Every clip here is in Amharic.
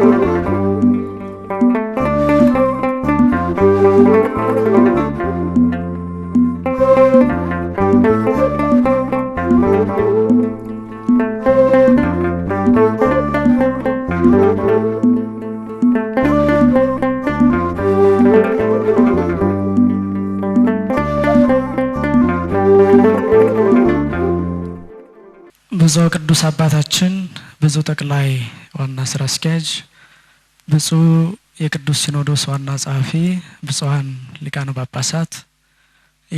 ብፁዕ ቅዱስ አባታችን ብፁዕ ጠቅላይ ዋና ስራ አስኪያጅ ብፁዕ የቅዱስ ሲኖዶስ ዋና ጸሐፊ፣ ብፁዓን ሊቃነ ጳጳሳት፣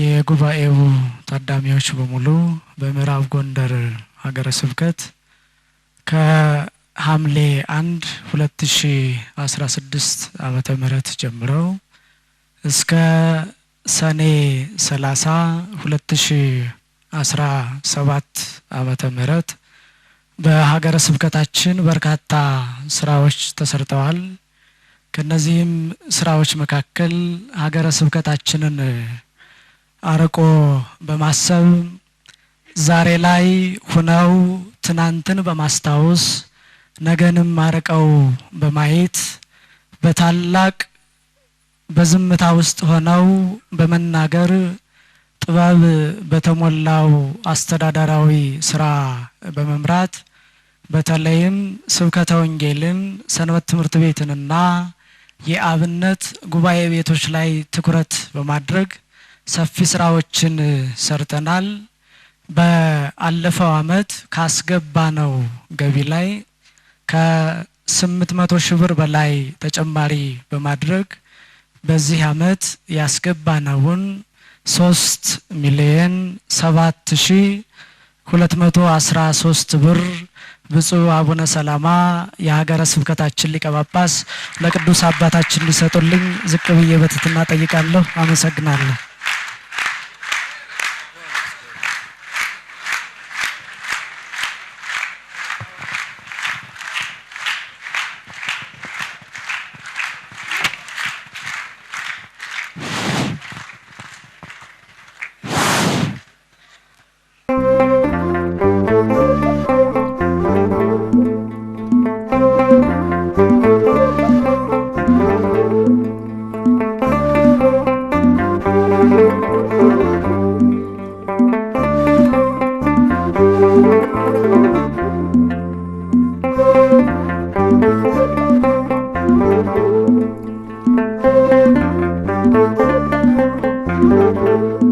የጉባኤው ታዳሚዎች በሙሉ በምዕራብ ጎንደር ሀገረ ስብከት ከሐምሌ አንድ ሁለት ሺ አስራ ስድስት ዓመተ ምህረት ጀምረው እስከ ሰኔ ሰላሳ ሁለት ሺ አስራ ሰባት ዓመተ ምህረት በሀገረ ስብከታችን በርካታ ስራዎች ተሰርተዋል። ከነዚህም ስራዎች መካከል ሀገረ ስብከታችንን አርቆ በማሰብ ዛሬ ላይ ሁነው ትናንትን በማስታወስ ነገንም አርቀው በማየት በታላቅ በዝምታ ውስጥ ሆነው በመናገር ጥበብ በተሞላው አስተዳደራዊ ስራ በመምራት በተለይም ስብከተ ወንጌልን፣ ሰንበት ትምህርት ቤትንና የአብነት ጉባኤ ቤቶች ላይ ትኩረት በማድረግ ሰፊ ስራዎችን ሰርተናል። በአለፈው አመት ካስገባነው ገቢ ላይ ከስምንት መቶ ሺህ ብር በላይ ተጨማሪ በማድረግ በዚህ አመት ያስገባነውን ሶስት ሚሊየን ሰባት ሺህ ሶስት ብር ብፁዕ አቡነ ሰላማ የሀገረ ስብከታችን ሊቀ ጳጳስ ለቅዱስ አባታችን ሊሰጡልኝ ዝቅ ብዬ በትትና ጠይቃለሁ። አመሰግናለሁ። Música